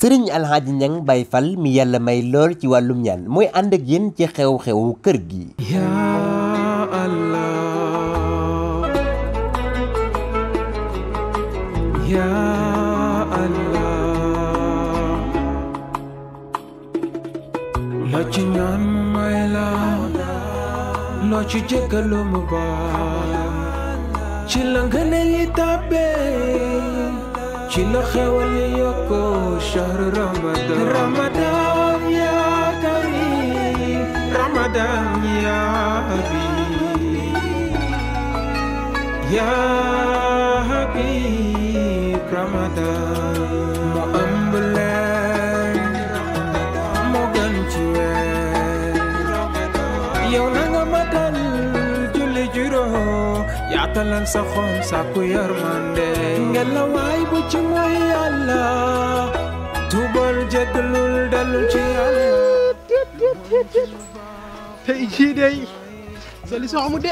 sëriñ alxaaji ñang bay fal mi yàlla may lool ci wàllum ñaan mooy ànd ak yéen ci xew xew kër gi yaa allah loo ci ñaan may la loo ci jéggalu mu ci la ngëneel yi tàbbee ci la xewal yokkoo shahr ramadan ramadan ya karim ramadan ya habib ramadan mu ëmb leen mu gën ci yaatalal sa xol sàkku yërmande ngelawaay bu ci mooy yàlla tuubal jéggalul dellu ci yàlla tey jii day solution amul de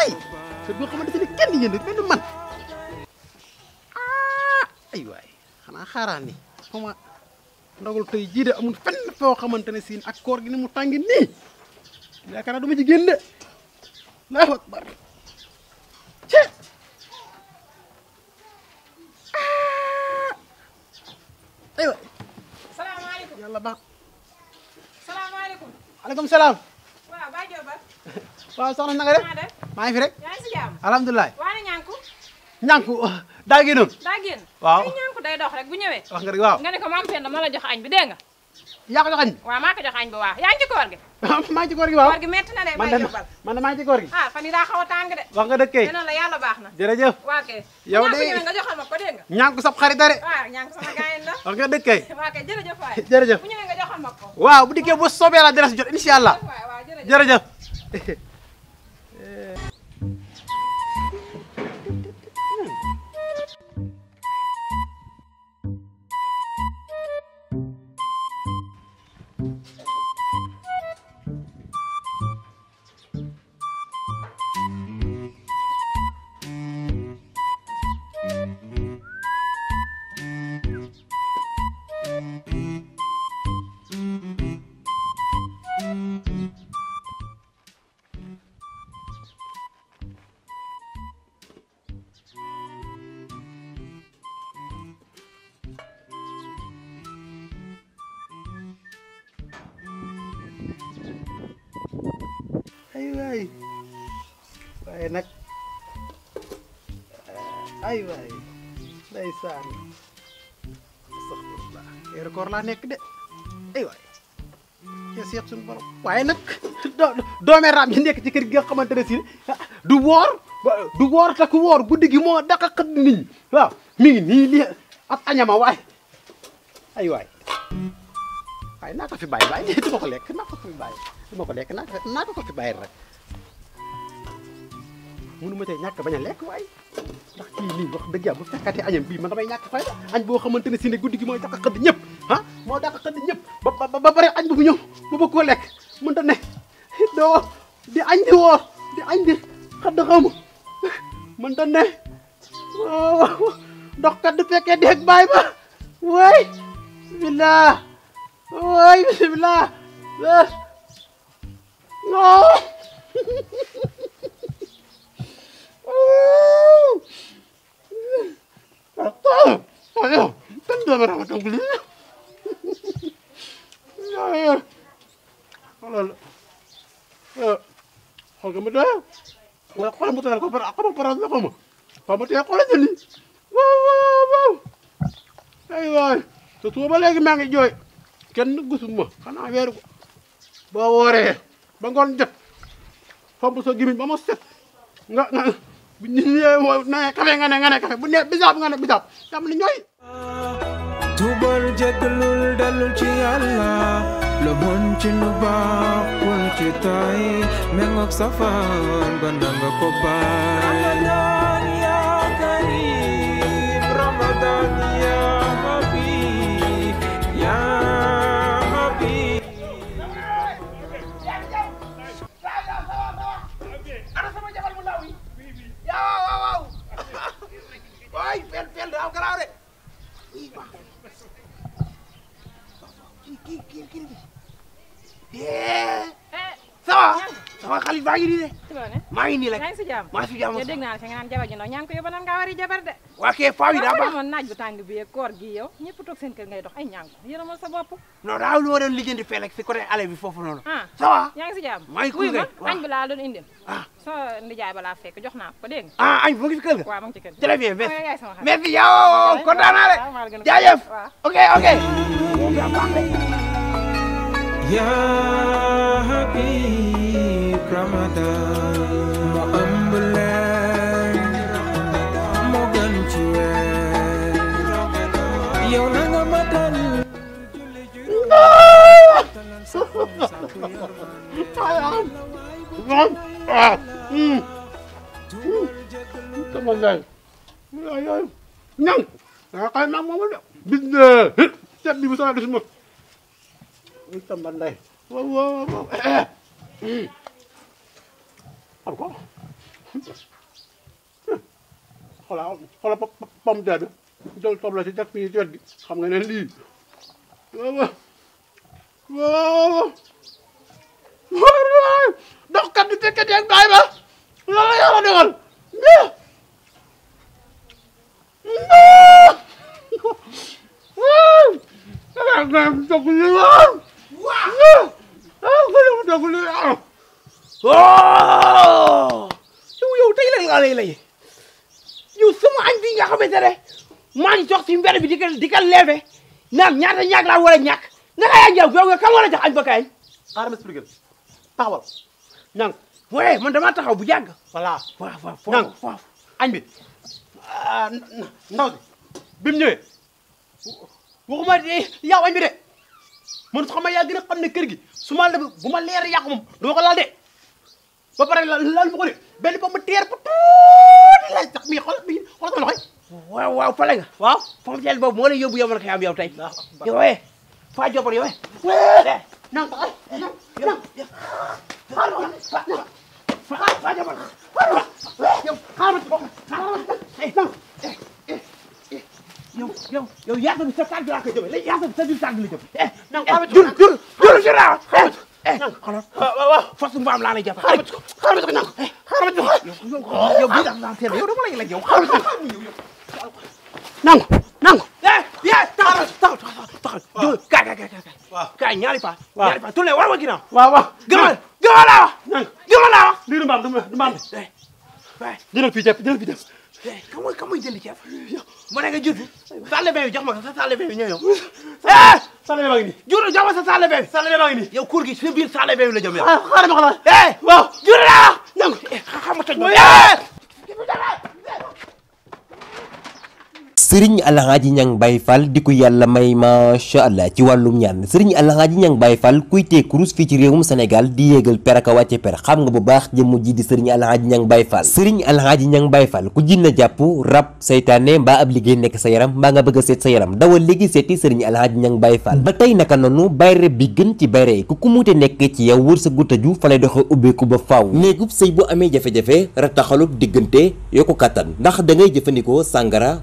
ay te boo xamante ne kenn yéen rek benn man ah, ay waay xanaa xaaraan ni xama ndogal tey jii de amul fenn foo xamante ne siin ak koor gi ni mu tàngi nii yaakaar naa du ma ci génn de laahu akbar aleykum salaam. waa Baye Diop ba. waaw soxna na nga de maa ngi fi rek. yaa ngi si jàmm. alhamdulilah. waa na ñànku. ñànku daa génnoon. daa génn. waaw ñànku day dox rek bu ñëwee. wax nga rek waaw. nga ne ko maam Penda ma la jox bi dégg nga. yaa ko jox jox añ bi waaw yaa ngi ci koor gi. maa ngi ci koor gi waaw. koor gi métti na de maa ngi ci koor gi. ah fan yii daa xaw a de. wax yàlla baax na. jërëjëf. waa kay. yow de ñànku nga joxal ma ko dégg nga. ñànku sab xarit da de. waaw ñànku sama gaayen la. wax nga dëkk kay. waaw bu dikkee bu soobee la dara si jot incha allah jërëjëf. ay waay ndeysaan astaxfirullah weeru koor laa nekk de ay waay ya seet suñu borom waaye nag doome raam yi nekk ci kër gi nga xamante ne si ah, du woor du woor te ku woor guddi gi moo daq xët nit ñi waaw nii li ab añama waay ay waay waaye naa fi bàyyi waaye du ma lekk naa ko fi bàyyi du ma ko rek mënu ma tey ñàkk bañ a lekk waaye ndax kii nii wax dëgg yàlla bu fekkati añam bii ma nga may ñàkk fay añ boo xamante ne si ne guddi gi mooy dàq xëdd ñëpp ah moo dàq xëdd ñëpp ba ba pare añ bu mu ñëw mu bëgg koo lekk mënta ne doo di añ di woor di añ di xëdd xamu mënta ne ndox kat du fekkee deeg baay ba waay bismillah waay bismillah non ma toog lii yaa xoolal eh, xool nga ma doyoo wala xool mu ko par xaw ma ma xaw ma tee xoolal jëli waaw waaw ba léegi maa ngi jooy kenn gisuma xanaa weeru ko boo wooree ba ngoon jot fomp sa gimiñ ba ma set nga nga bu ñu nee kafe nga ne kafe bu ne bisaab nga ne bisaab dam li tuubal jéggalul dellu ci yàlla lu mun ci nu baaxul ci tay mengook safaan ba nanga ko baay Ramadan ya karim Ramadan ya habib ya habib ana sama jabal bu ndaw yi waaw waaw waaw waaw waaw waaw waaw waaw waaw waaw kii kii kii bi. ça va. sama xalit baa ngi nii de. maa ngi nii rek maa ngi si jàmm sax dégg naa fi nga naan jabar ji ndaw ñaa ngi ko yóbbu naan ngaa war a jabar de. waa kay faaw yi daa baax waaw naaj bu tàng bi koor gi yow ñëpp toog seen kër ngay dox ay ñàng yërëmal sa bopp. non daaw lu ma doon lijjanti fee rek si côté allé bi foofu noonu. Ah, ça va yaa ngi si jàmm maa ngi kuy ma añ bi laa doon indil. ah soo ndijaay ba laa fekk jox naa ko dégg nga. ah añ mu ngi si kër ga. waaw mu ngi si kër ga très bien merci ah, merci yow kontaan naa de jaajëf ok ok. yaa Ramadan mu ëmb leen mu gën ci weer yow na nga matal sama ndey ayay ñan danga xale naag moomu de bis ne cet bi bu sama des ma sama ndey waaw waaw waaw encore xoolaa xoolal pomme de terre bi jël toob la ci def fii ci wet bi xam nga ne lii waaw waaw waaw dox kat bi fekk ak baay ba loolu la yàlla dogal waaw waaw sénégalais lañu yow sama añ bi nga xamante ne maa ngi jox bi di ko di ko levé naan ñaata ñaag laa war a ñàkk naka yaa njaw yow nga kan war a jox añ ba kañ. xaaral ma expliqué taxawal ñang waaye taxaw bu yàgg. voilà waaw waaw foofu foofu añ bi ah, ndaw si bi mu ñëwee waxuma yow añ bi de man xam nga yaa gën a xam ne kër gi su ma bu ma leer yàqu moom dama ko laal de ba pare laal ma ko de. benn ba mu teer bu tuuti lay tax mi xool mi xool sama loxo waaw waaw fale nga waaw fam teel boobu moo lay yóbbu yow mën a xëy am yow tey yow eh faa jobor yow eh nang taxal nang nang faa jobor faa jobor yow xaaral nang yow yow yow yaasa bi sa tàgg laa koy jëmee léegi yaasa bi sa biir tàgg la jëm eh nang jur jur jur jur eh xoolal waaw waaw fas mbaam laa lay jàpp xaaral ma ci ko xaaral ma ci ko ñàkk xaaral ma ci ko yow bii daal daal seetlu yow dama lay laaj yow xaaral ma ci ko nangu nangu eh eh taxaw taxaw taxaw jóg kaay kaay kaay kaay ñaari pa ñaari pa tourné war ma ginnaaw waaw waaw gëmal gëmal laa wax gëmal laa wax lii du mbaam du mbaam jëlal eh, eh. fii jëpp jëlal fii jëpp Eh, kan mooy kan mooy jëli ceeb mu nekk jur gi sàlle bee ma ko sa sàlle bee bi eh, jur jox ma sa sàlle bee bi. sàlle bee ba ngi nii. yow kuur gi si biir sàlle la jëm yow. Ah, ma xalaat. Eh, jur la. sëriñ alxaaji ñang bay fall di ko yàlla may macha allah ci wàllum ñaan sëriñ alxaaji ñang bay fall kuy tee kurus fii ci réewum sénégal di yéegal per ak a wàcce per xam nga bu baax jëmm ji di sëriñ alxaaji ñang bay fall sëriñ alxaaji ñang bay fall ku jinna jàpp rab saytaane mbaa ab liggéey nekk sa yaram mbaa nga bëgg a seet sa yaram dawal léegi seeti sëriñ alxaaji ñang bay fall ba tey naka noonu bayre bi gën ci bayre ku ku muute nekk ci yow wër sa guttaju fa lay doxe ubbeeku ba faaw néegub sëy bu amee jafe-jafe rataxalub yokku kàttan ndax da ngay jëfandikoo sàngara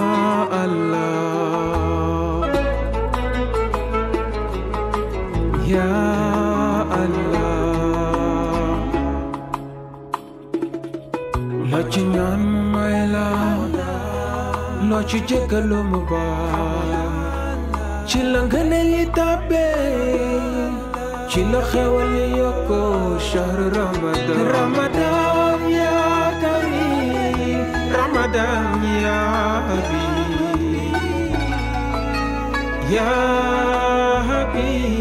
ya Allah loo ci ñaan mu la loo ci jéggalu la yi tàbbee ci la xewal shahru ramadan ya karim ramadan ya habib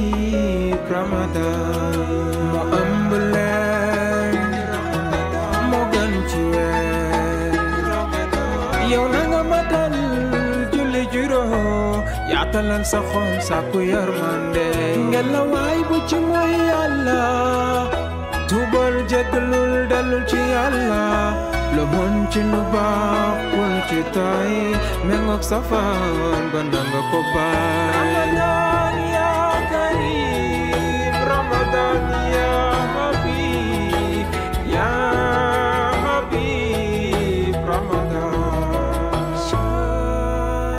Ramadan moo ëmb leen moo gën ci weer yow nga matal julli juróom yaatalal sa xol sàkku yërmande ngela waay bu ci mooy yàlla tuubal jégalul dalul ci yàlla lu mën ci lu baax ci tay mengoog safaan ba nanga ko baay